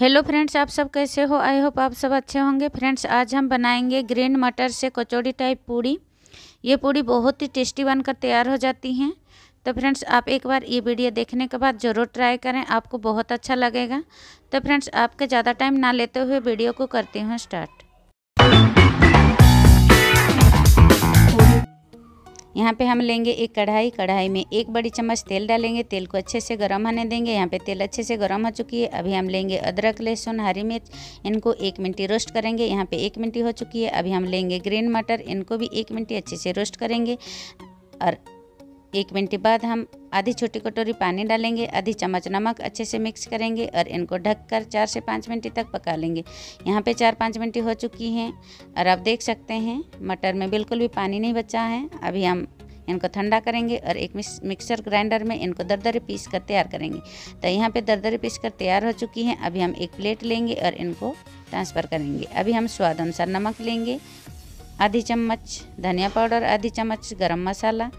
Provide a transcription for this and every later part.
hello friends आप सब कैसे हो आई होप आप सब अच्छे होंगे फ्रेंड्स आज हम बनाएंगे ग्रीन मटर से कचौड़ी टाइप पूड़ी ये पूड़ी बहुत ही टेस्टी बनकर तैयार हो जाती हैं तो फ्रेंड्स आप एक बार ये वीडियो देखने के बाद ज़रूर ट्राई करें आपको बहुत अच्छा लगेगा तो फ्रेंड्स आपके ज़्यादा टाइम ना लेते हुए वीडियो को करती हूँ स्टार्ट यहाँ पे हम लेंगे एक कढ़ाई कढ़ाई में एक बड़ी चम्मच तेल डालेंगे तेल को अच्छे से गर्म होने देंगे यहाँ पे तेल अच्छे से गर्म हो चुकी है अभी हम लेंगे अदरक लहसुन हरी मिर्च इनको एक मिनटी रोस्ट करेंगे यहाँ पे एक मिनटी हो चुकी है अभी हम लेंगे ग्रीन मटर इनको भी एक मिनटी अच्छे से रोस्ट करेंगे और एक मिनट बाद हम आधी छोटी कटोरी पानी डालेंगे आधी चम्मच नमक अच्छे से मिक्स करेंगे और इनको ढककर चार से पाँच मिनट तक पका लेंगे यहाँ पे चार पाँच मिनट हो चुकी हैं और आप देख सकते हैं मटर में बिल्कुल भी पानी नहीं बचा है अभी हम इनको ठंडा करेंगे और एक मिक्सर ग्राइंडर में इनको दरदरे पीस कर तैयार करेंगे तो यहाँ पर दरदरे पीस कर तैयार हो चुकी हैं अभी हम एक प्लेट लेंगे और इनको ट्रांसफ़र करेंगे अभी हम स्वाद अनुसार नमक लेंगे आधी चम्मच धनिया पाउडर आधी चम्मच गरम मसाला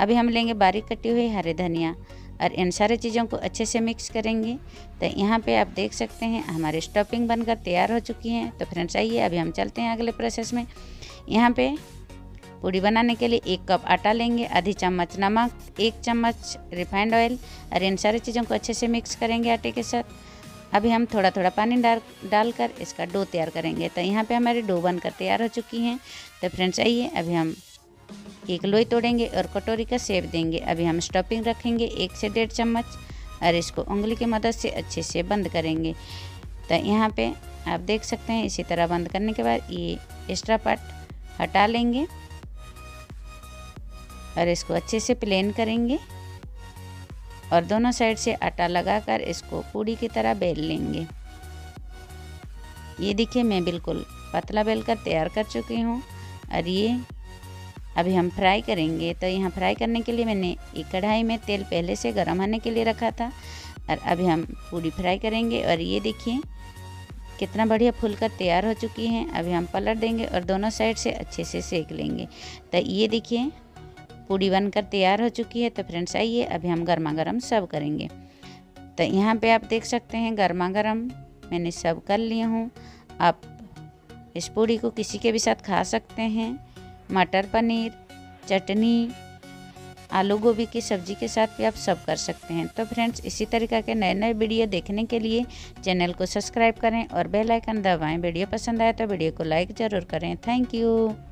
अभी हम लेंगे बारीक कटी हुई हरे धनिया और इन सारे चीज़ों को अच्छे से मिक्स करेंगे तो यहाँ पे आप देख सकते हैं हमारी स्टफिंग बनकर तैयार हो चुकी है तो फ्रेंड्स आइए अभी हम चलते हैं अगले प्रोसेस में यहाँ पे पूड़ी बनाने के लिए एक कप आटा लेंगे आधी चम्मच नमक एक चम्मच रिफाइंड ऑयल और इन सारी चीज़ों को अच्छे से मिक्स करेंगे आटे के साथ अभी हम थोड़ा थोड़ा पानी डाल डालकर इसका डो तैयार करेंगे तो यहाँ पे हमारी डो बनकर तैयार हो चुकी हैं तो फ्रेंड्स आइए अभी हम एक लोई तोड़ेंगे और कटोरी का सेब देंगे अभी हम स्टफिंग रखेंगे एक से डेढ़ चम्मच और इसको उंगली की मदद से अच्छे से बंद करेंगे तो यहाँ पे आप देख सकते हैं इसी तरह बंद करने के बाद ये एक्स्ट्रा पार्ट हटा लेंगे और इसको अच्छे से प्लेन करेंगे और दोनों साइड से आटा लगाकर इसको पूड़ी की तरह बेल लेंगे ये देखिए मैं बिल्कुल पतला बेल कर तैयार कर चुकी हूँ और ये अभी हम फ्राई करेंगे तो यहाँ फ्राई करने के लिए मैंने एक कढ़ाई में तेल पहले से गर्म होने के लिए रखा था और अभी हम पूरी फ्राई करेंगे और ये देखिए कितना बढ़िया फूल कर तैयार हो चुकी हैं अभी हम पलट देंगे और दोनों साइड से अच्छे से सेक लेंगे तो ये देखिए पूड़ी बनकर तैयार हो चुकी है तो फ्रेंड्स आइए अभी हम गर्मा गर्म सर्व करेंगे तो यहाँ पे आप देख सकते हैं गर्मा गर्म मैंने सर्व कर लिए हूँ आप इस पूड़ी को किसी के भी साथ खा सकते हैं मटर पनीर चटनी आलू गोभी की सब्ज़ी के साथ भी आप सब कर सकते हैं तो फ्रेंड्स इसी तरीके के नए नए वीडियो देखने के लिए चैनल को सब्सक्राइब करें और बेल आइकन दबाएं वीडियो पसंद आए तो वीडियो को लाइक ज़रूर करें थैंक यू